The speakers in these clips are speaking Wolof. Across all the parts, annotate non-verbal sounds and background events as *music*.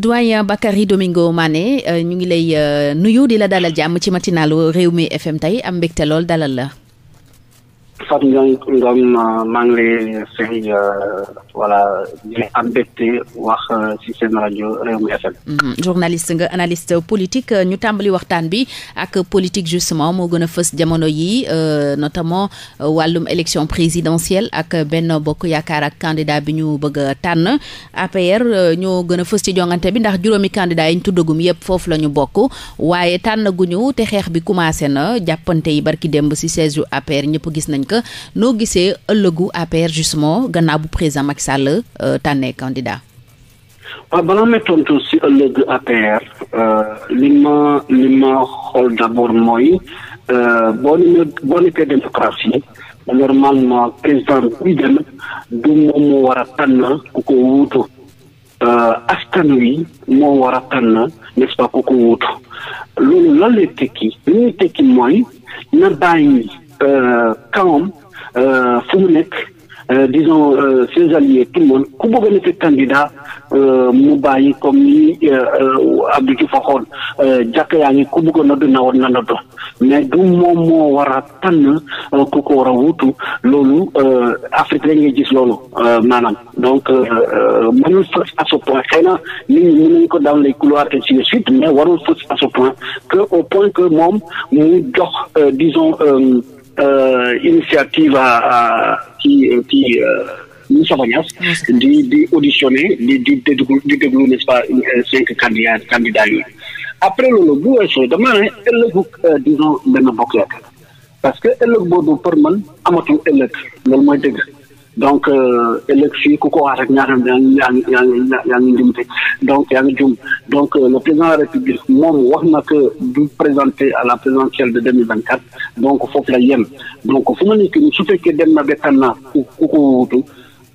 doyen Bakary Domingo Mané euh, ñu ngi lay euh, nuyu di la dalal jàmm ci matinalu réew mi FM tey am mbégte lool dalal la. Fatou Ndiaye Ngom maa ngi lay euh, euh, mm-hmm. nga analyste politique euh, ñu tàmbali waxtaan bi ak politique justement moo gën a fës jamono yi notamment wàllum élection présidentielle ak benn bokk yaakaar ak candidat bi ñu bëgg tànn APR ñoo gën a fës ci jongante bi ndax juróomi candidat yi ñu tuddagum yëpp foofu la ñu bokk waaye tànn guñu te xeex bi commencé na jàppante yi barki démb ci siège yu APR ñëpp gis nañ ko. la noo gisee ëllëgu APR justement gannaaw bu président Macky Sall euh, tànnee candidat waaw balaa may tontu ci ëllëgu APR euh, li ma li ma xool d'abord mooy euh, boo ne boo nekkee démocratie normalement président buy dem du moom moo war a tànn ku ko wuutu askan wi moo war a tànn n'est-ce pas ku ko wuutu loolu lan lay tekki Euh, camp euh, fu mu nekk euh, disons ses alliés tout le ku bëgg a nekk candidat mu bàyyi comme ni Abdou Diouf waxoon jàkk yaa ngi ku bëgg a na woon na nodd mais du moom moo war a ku ko war a loolu Afrique la ngay gis loolu maanaam donc mënul fës à ce point xëy nit ñi mën nañu ko dans les couloirs ainsi de suite mais warul fës à ce point que au point que moom mu jox disons Uh, initiative à uh, qui qui uh, Moustapha Niass di di auditionné di di déglu di déglu n'est-ce euh, cinq candidats candidats après loolu bu weesoo dama ne ëllëgu euh, disons benn bokk parce que ëllëg boobu pour man amatul ëllëg loolu mooy dëgg. donc euh, ëllëg fii ku ko wax rek ñaata yaa ngi yaa njumte donc yaa ngi jum donc euh, le président de république moom wax na que du présenté à la présidentielle de deux mille vingt quatre donc foofu la yem donc fu ma nekk nii su fekkee dem na ba tànn ku ku ko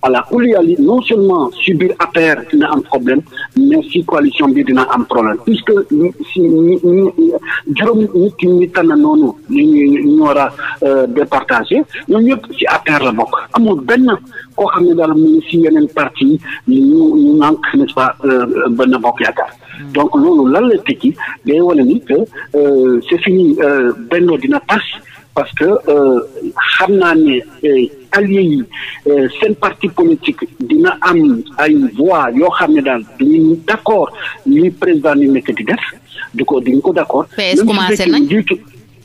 voilà kuliyali non seulement si biir APR dina am problème mais si coalition bi dina am problème puisque si ñi juróom nit ñi tànn noonu ñu ñu war a euh, départager ñoom ñëpp si APR la bokk amul benn koo xam ne daal mu si yeneen parti yi ñu ñu nànk n'est-ce pas euh, benn bokk yaakaar hmm. donc loolu lan la tekki day wane ni que euh, c'est fini Benno dina tas parce que xam naa ne alliés yi euh, seen parti politique dina am ay voix yoo xam ne daal duñu d' accord li président ni nekk di def du ko duñu ko d' accord. PS commencé nañ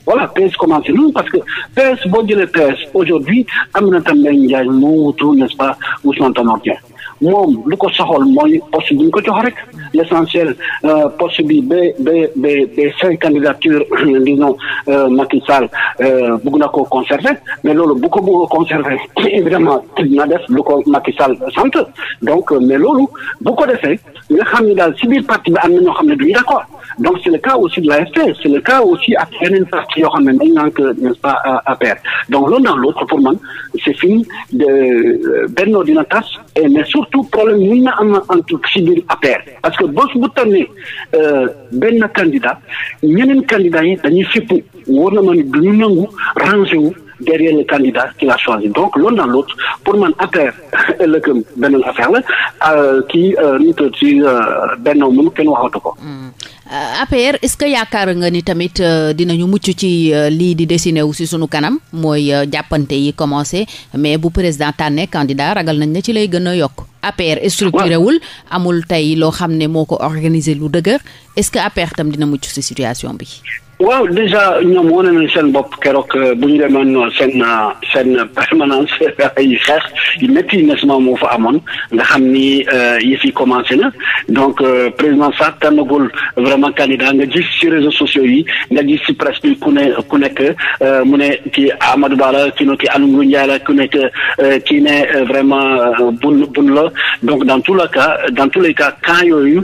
voilà commencé non parce que PS boo jëlee PS aujourd'hui Aminata Mbengue Ndiaye moo wutu nest pas Ousmane Tanor Dieng moom lu ko soxal mooy poste bi ñu ko jox rek l' essentiel euh, poste bi ba ba ba ba cinq candidature *clears throat* disons euh, Macky Sall euh, bëgg na koo conserver mais loolu bu ko bëgg a conserver *clears throat* évidemment na def lu ko Macky Sall sant donc mais loolu bu ko defee nga xam ne daal si biir parti bi am na ñoo xam ne duñu d' accord donc c' est le cas aussi de l'AFP c' est le cas aussi ak yeneen parti yoo xam ne dañ naan que n'est-ce pas euh, APR donc l'un dans l'autre pour man c' est fini de euh, Benno dina tas et mais surtout problème mun na am entre si biir APR parce que bés bu tànnee euh, benn candidat ñeneen candidats yi dañuy fipp wóor na ma ne duñu nangu rangé derrière le candidat qu'il a donc l'un dans l'autre pour man affaire *laughs* ëllëgëm beneen affaire la euh, kii euh, nu tudd ci euh, benn moom kenn waxatu ko. Hmm. APR est-ce que yaakaar nga ni tamit dina ñu mucc ci lii di dessiné wu si sunu kanam mooy jàppante yi commencé mais bu président tànnee candidat ragal nañ ne ci lay gën a yokk. APR structuré wul amul tey loo xam ne moo ko organiser lu dëgër est-ce que APR tam dina mucc si situation bi. waaw déjà ñoom wane nañ seen bopp keroog euh, bu ñu demoon euh, seen euh, seen *laughs* permanence ay xeex yu métti na moo fa amoon nga xam ni yëf yi commencé na donc président Sarr tànnagul vraiment candidat nga gis ci réseaux sociaux yi nga gis ci presse bi ku ne ku nekk mu ne kii Amadou Ba la ki ne kii Aliou Ndiaye la ku nekk kii ne vraiment bun bun la donc dans tous les cas dans tous yooyu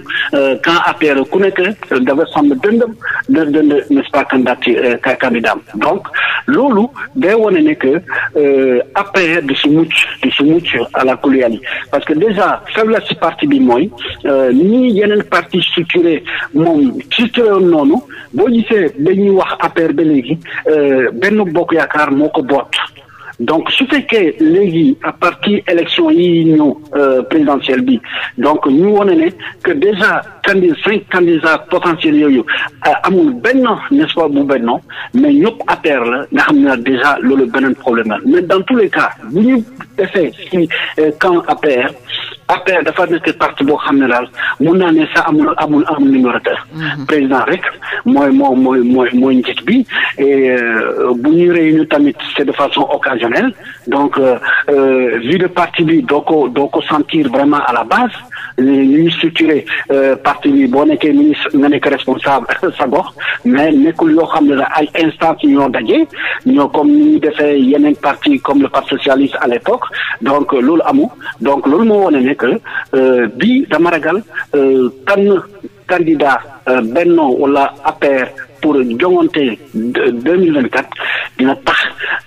camp APR ku nekk dafa sàmm dëndëm dënd n'est-ce pas candidat ka euh, candidat donc loolu day wane ne que euh, APR du si mucc du si mucc à parce que déjà faiblesse parti bi mooy euh, nii yeneen parti structuré moom structuré woon noonu boo gisee dañuy wax APR ba léegi benn bokk yaakaar moo ko boot donc su fekkee léegi à partir élection yi ñëw euh, présidentielle bi donc ñu wane ne que déjà candi cinq candidats yooyu euh, amul ben n'est-ce pas bu benno mais ñëpp affaire la nga xam ne déjà loolu beneen problème la mais dans tous les cas bu ñu defee ci euh, camp APR dafa nekk parti boo xam ne daal mun naa ne sa amul amul amul numéro deux. Mhm. président rek mooy moo mooy mooy mooy njiit bi et euh, bu ñuy réunion tamit c' est de façon occasionnelle donc euh, euh, vue de parti bi doo ko doo ko sentir vraiment à la base. li ñu structuré euh, parti bi boo nekkee ministre nga nekk responsable *laughs* sa gox mais nekkul yoo xam ne la ay instance ñoo daje ñoo comme ni ñu defee yeneen parti comme le parti socialiste à l'époque donc euh, loolu amu donc loolu moo wane ne que euh, bi dama ragal tànn candidat Benno wala APR pour joŋante deux mille vingt quatre dina tax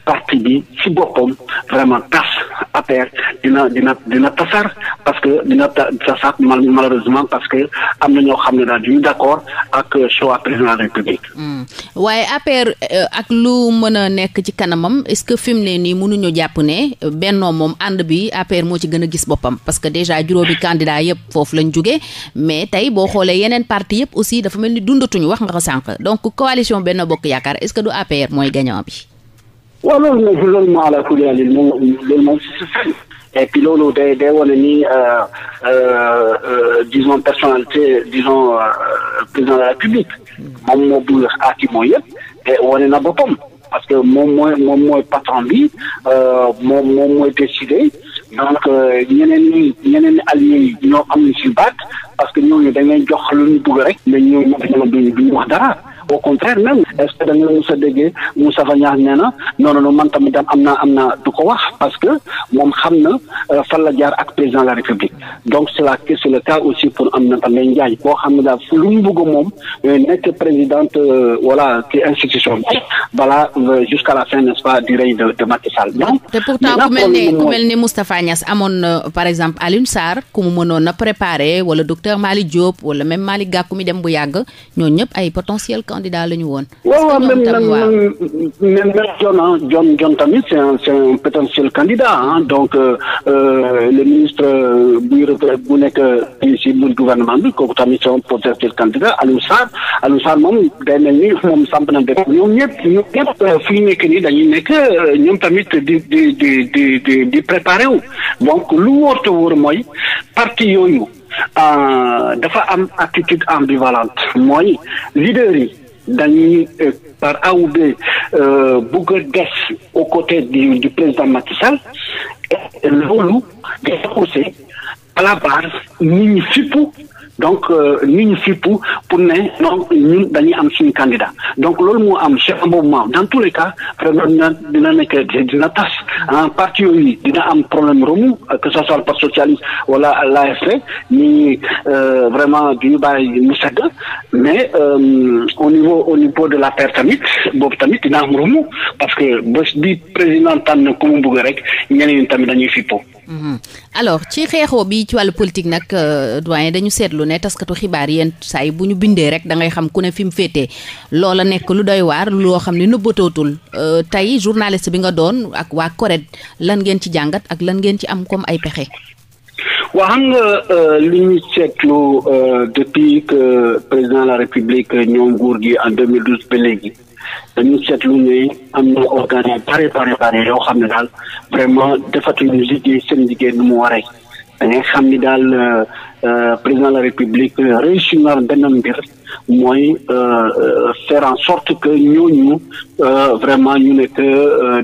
parti bi ci boppam vraiment tas APR dina dina dina tasar parce que dina tasar malheureusement parce que am na ñoo xam ne daal duñu d'accord ak choix euh, président de la hmm. waaye APR euh, ak lu mën a nekk ci kanamam est-ce fi mu ne nii mënuñu jàpp ne euh, bennoo moom ànd bi APR moo ci gën a gis boppam parce que déjà juróomi candidat yëpp foofu lañ jógee mais tey boo xoolee yeneen parti yëpp aussi dafa mel ni dundatuñu wax nga ko sànq donc coalition Benno Bokk Yaakaar est-ce que du APR mooy gagnant bi. waaw loolu nag loolu moo moom loolu moom si si et puis loolu day day wane ni disons personnalité disons président de la République moom moo bëgg aakimo yëpp te wane na boppam parce que moom mooy moom mooy patron bi moom moom mooy décidé donc ñeneen ñi ñeneen ñi allié yi ñoo am ñu si baat parce que ñooñu dañuy jox lu ñu bëgg rek mais ñooñu duñ wax dara. au contraire même est ce que da nga mos a déggee Moustapha Niass nee na non non man tamit am na am na du ko wax parce que moom xam na euh, fan la jaar ak président la république donc c' est la c' est le cas aussi pour Aminata Mbengue Ndiaye boo xam ne daal lu mu bëgg moom euh, nekk présidente euh, voilà ci institution bi voilà jusqu'à la fin n'est-ce pas du règne de de donc te pourtant ku mel ne ku mel ne Moustapha Niass amoon na par exemple Alioune Sarr ku mu mënoon a préparer wala docteur Malick Diop wala même Malick Gakou dem bu yàgg ñoo ñëpp ay potentiel candidat la ñu woon. waaw waaw même même même John ah tamit c'est un c'est un potentiel donc euh, euh, le ministre euh, buy retraite bu nekk ci bu gouvernement bi kooku tamit c'est un potentiel candidat Aliou Sarr Aliou Sarr moom day mel moom samp na dëkk ñoom ñëpp ñoom ñëpp fi ñu nekk nii dañuy nekk ñoom tamit di di di di di lu wóor te wóor mooy parti yooyu dafa am attitude ambivalente mooy leader yi dañuy euh, par A ou B euh, bëgg a des aux côtés du du président Macky Sall loolu day poussé à la barre nit fippu donc euh, ñu ñu fippu pour ne donc ñun dañuy am suñu kandidaa donc loolu moo am chef mouvement dans tous les cas vraiment dina dina nekk dina tas en ah, parti yooyu dina am problème romu que sa soit le parti socialiste wala l'AFP ñi euh, vraiment duñu bàyyi mu sedd mais euh, au niveau au niveau de la paire tamit boobu tamit dina am romu parce que bés bi président tànn ku mu bëgg rek ñeneen ñi tamit dañuy fippo Mhm. alors ci xeexoo bi ci wàllu politique nag euh, doyen dañu seetlu ne taskatu xibaar yéen saa yi bu ñu bindee rek da xam ku ne fi mu féetee loola nekk lu day waar loo xam ne nëbbatootul euh, tey journaliste bi nga doon ak waa CORED lan ngeen ci jàngat ak lan ngeen ci am comme ay pexe. waa xam nga euh, li ñu seetlu depuis que président la république ñoo nguur gi en 2012 dañu seetlu ne am na organe yu bare bare bare yoo xam ne daal vraiment defatuñu liggéey seen liggéey nu mu waree da ngay xam ni daal euh, Euh, président de la république euh, réussir na benn mbir mooy euh, faire en sorte que ñooñu vraiment ñu nekk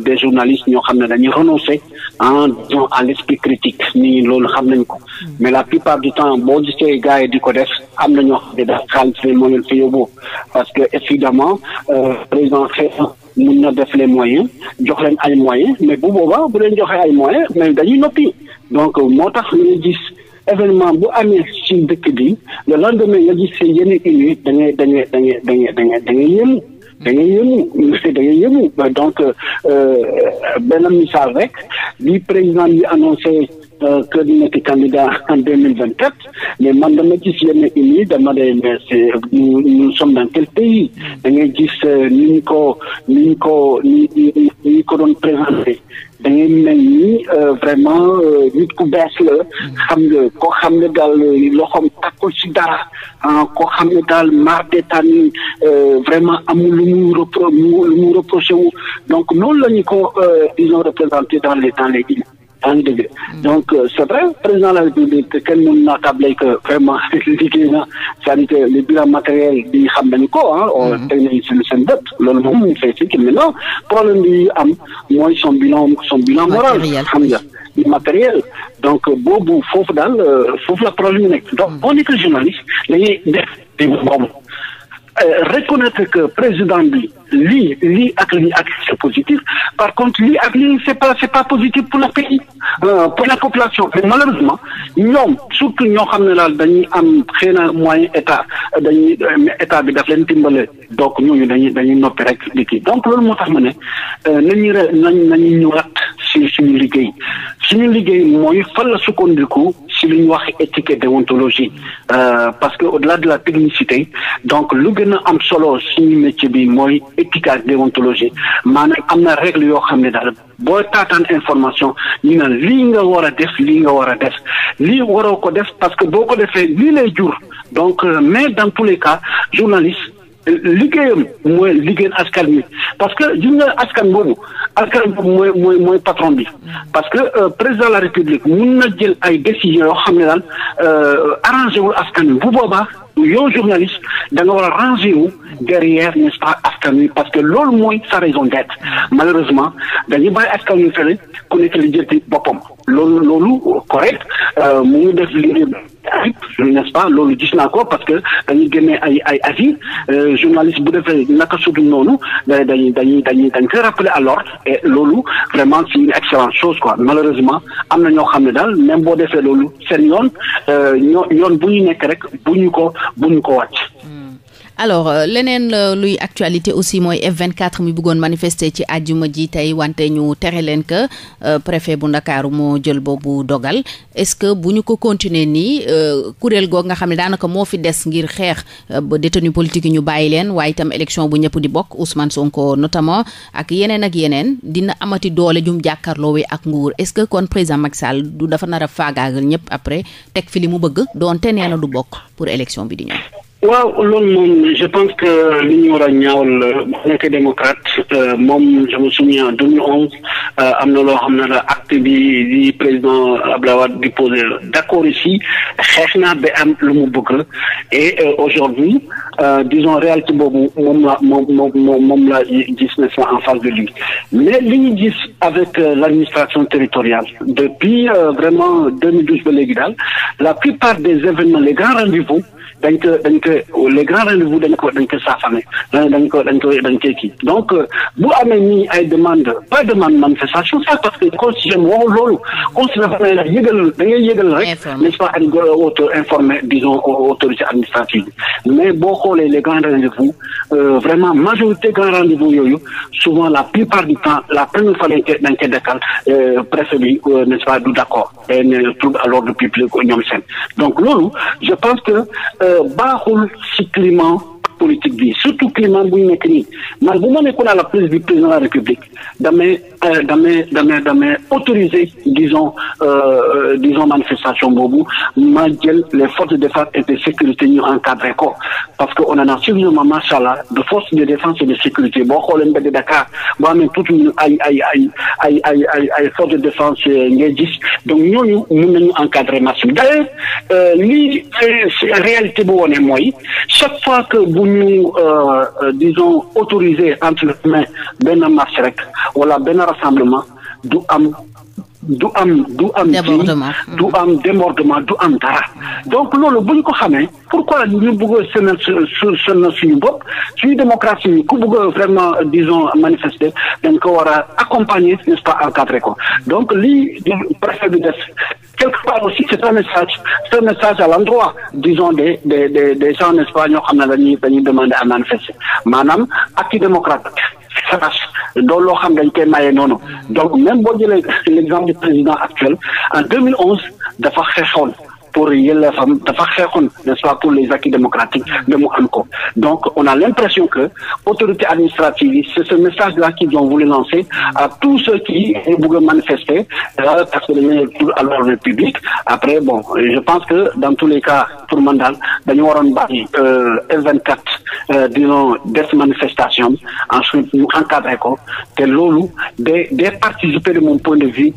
des journalistes ñoo xam ne dañuy renoncer en disant à l'esprit critique loolu xam nañ ko mais la plupart du temps boo gisee gars yi di ko def am na ñoo xam ne dafa xaalis ne moo leen fa yóbbu président mun na def les moyens jox leen ay moyens mais bu boobaa ay donc moo tax ñu gis événement bu amee ci dëkk bi la lendemain nga gis seen yenn unité da ngay da ngay da ngay da ngay da ngay da donc euh, euh, benn misaal rek bi président bi annoncé. kër euh, di nekk candidat en deux mille vingt quatre mais man dama gis yenn unis dama day mais c'est nous nous sommes dans quel pays da ngay gis euh, ni ñu ko ni ko ni ko doon présenté da ngay mel ni euh, vraiment nit ku bees xam nga koo xam ne daal loxoom takkul ci dara ah, koo xam ne daal maar d'état vraiment amul lu mu repro lu mu reproché wu donc noonu la ñu ko disons représenté dans les dans les unis yaa ngi dégg donc euh, c' président de la république kenn mën naa tabler que vraiment *laughs* liggéey na c' est à dire le bilan matériel bi xam nañu ko ah. teg nañu seen seen bët loolu moom c' est sûr maintenant problème bi am mooy son bilan son bilan moral xam nga matériel donc euh, boobu foofu daal euh, foofu la problème nekk donc boo mm. nekkee journaliste dañuy def déglu boobu. Euh, reconnaître que président bi lii lii ak lii ak c'est positif par contre lii ak lii c'est pas c'est pas positif pour le pays euh, pour la population mais malheureusement ñoom surtout ñoo xam ne daal dañuy am xëy na moyen état dañuy euh, état bi daf leen dimbale donc ñooñu dañuy dañuy noppi rek di donc loolu moo tax ma ne nañu re nañ nañu ñëwaat si suñu liggéey suñu liggéey mooy fan la sukkandiku si lu ñu wax éthique et déontologie parce que au-delà de la technicité donc gën am solo suñu métier bi mooy éthique déontologie maanaam am na règle yoo xam ne daal boo taataan information ñu naan lii nga war a def lii nga war a def lii waroo ko def parce que boo ko defee lii lay jur donc euh, mais dans tous les cas journaliste euh, liggéeyam mooy liggéeyal askan wi parce que gis nga askan boobu askan boobu mooy mooy mooy patron bi parce que euh, président de la république mun na jël ay décisions yoo xam ne daal arrangé askan wi bu boobaa. yow journaliste da nga war a ranger wu derrière n'est-ce pas askan wi parce que loolu mooy sa raison d'être malheureusement dañuy bàyyi askan wi fële ku nekk li jël boppam loolu loolu correct euh, mu ngi def n'est-ce pas loolu gis naa ko parce que dañuy génne ay ay avis euh, journaliste bu defee naka sudul noonu da dañuy dañuy dañuy dañ koy rappeler alors et loolu vraiment c'est une excellente chose quoi malheureusement am na ñoo xam ne daal même boo defee loolu seen yoon yoon euh, yoon bu ñu nekk rek bu ñu ko bu ñu ko wàcc alors euh, leneen euh, luy actualité aussi mooy F24 mi bëggoon manifester ci àjjuma ji tey wante ñu tere leen que euh, préfet bu Ndakaaru moo jël boobu dogal est-ce que bu ñu ko continuer nii kuréel goog nga xam ne daanaka moo fi des ngir xeex ba détenu politique yi ñu bàyyi leen waaye itam élection bu ñëpp di bokk Ousmane Sonko notamment ak yeneen ak yeneen dina amati doole jum jàkkaarloo ak nguur est-ce que kon président Macky Sall du dafa nar a faagaagal ñëpp après teg fi li mu bëgg doonte nee du bokk pour élection bi di ñëw waaw loolu moom je pense que li ñu war a ñaawal euh, bu nekkee démocrate euh, moom je me souviens en deux mille onze euh, am na loo xam ne la acte bi di président Abdoulaye Wade di posé la d' accord ici xeex naa ba am lu mu bëgg et aujourd'hui disons réalité boobu moom la moom moom moom la gis na ça en face de lui mais li ñu gis avec l' administration territoriale depuis vraiment deux mille douze ba léegi daal la plupart des événements les grands rendez dañ ko dañ ko les grands rendez-vous dañ ko dañ ko saafane dañ ko dañ ko dañ koy kii donc euh, bu amee nii ay demande pas demande manifestation sax parce que constitution bi waxul loolu constitution dafa ne la yëgal da ngay yëgal rek n'est-ce pas ak auto informé disons autorité administrative bi mais boo xoolee les grands rendez-vous euh, vraiment majorité grands rendez-vous yooyu souvent la plupart du temps la première fois dañ koy dañ koy dekkal euh, préfet bi n'est-ce pas du d'accord trouble à l'ordre public ñoom seen donc loolu je pense que baaxul ci climat politique bi surtout climat bu ñu nekk nii man bu ma nekkoon à la place du président de la république damay euh, damay damay damay autoriser disons euh, euh, disons manifestation boobu ma jël les forces de défense et de sécurité ñu encadré ko parce que on a suffisamment macha allah de forces de défense et de sécurité boo xoolee mbedd Dakar boo amee tout ñu ay ay ay ay ay ay ay forces de défense euh, ngay gis donc ñooñu mun nañu encadrer marche bi d'ailleurs euh, lii euh, réalité bu wone mooy chaque fois que bu ñu disons autorisé entre main benn marche rek wala benn rassemblement du am. du am du am. débordement du mm. am débordement du am dara. Mm. donc loolu bu ñu ko xamee pourquoi ñu bëgg a sonal su sonal suñu bopp suñu démocratie yi ku bëgg a vraiment disons manifester dañ ko war a accompagner n'est-ce pas encadrer ko donc li di préfet bi def quelque part aussi c'est un message c'est un message à l'endroit disons des des des des gens n'est-ce pas ñoo xam ne dañuy dañuy demander à manifester maanaam acte démocratique. saras doo loo xam dañ koy maye noonu donc même boo jëlee l'exemple du président actuel en 2011 dafa xeexoon pour yelleefam dafa xeexoon n'est-ce pas pour les acquis démocratiques ba mm. mu am donc on a l'impression que autorité administrative yi c'est ce message là qu'ils ont voulu lancer à tous ceux qui bëgg a manifester euh, parce que dañu pour à l'ordre public après bon je pense que dans tous les cas pour man daal dañu waroon bàyyi euh, euh, des manifestations ensuite ñu encadré ko te loolu des participer de mon point de vue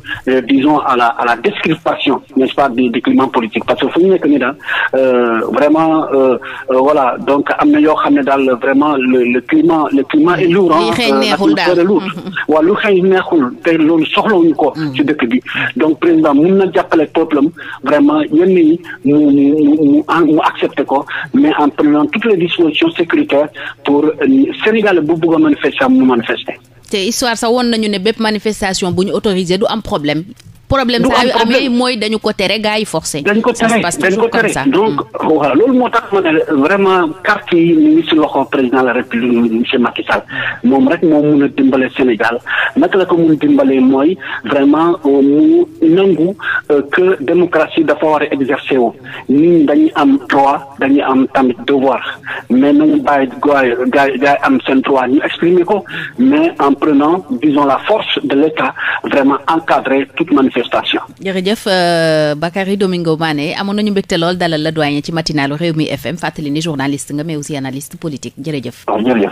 disons à la à la description nest pas du climat politique parce que fu ñu nekk nii daal euh, vraiment euh, euh, voilà donc am na yoo xam ne daal vraiment le le climat le climat est lourd atmosphère est lourde mm-hmm. waaw neexul te loolu soxlawuñu ko mm. ci dëkk bi donc président mun na jàppale peuple am vraiment yenn yi mu mu ko mais en prenant toutes les dispositions sécuritaires pour Sénégal bu bëgg a manifester am mu manifester te histoire sax woon nañu ne bépp manifestation bu ñu autorisé du am problème problème saa yu amee mooy dañu ko tere gars yi forcé dañ ko tere dañ ko tere donc mm. waaw loolu moo tax ma ne vraiment carte yi ñu ngi si loxo président de la république monsieur Macky Sall moom rek a dimbale Sénégal naka la ko mun dimbalee mooy vraiment euh, mu nangu euh, que démocratie dafa war a exercer wu nit dañuy am droit dañuy am tamit devoir mais nañu bàyyi gaay gaay am seen droit ñu exprimer ko mais en prenant disons la force de l'État vraiment encadrer toute manifestation. jërëjëf euh, Bakary Domingo Mané amoon nañu mbégte lool dalal la doyen ci matinalu Rewmi FM fàttali ni journaliste nga mais aussi analyste politique jërëjëf. waaw jërëjëf.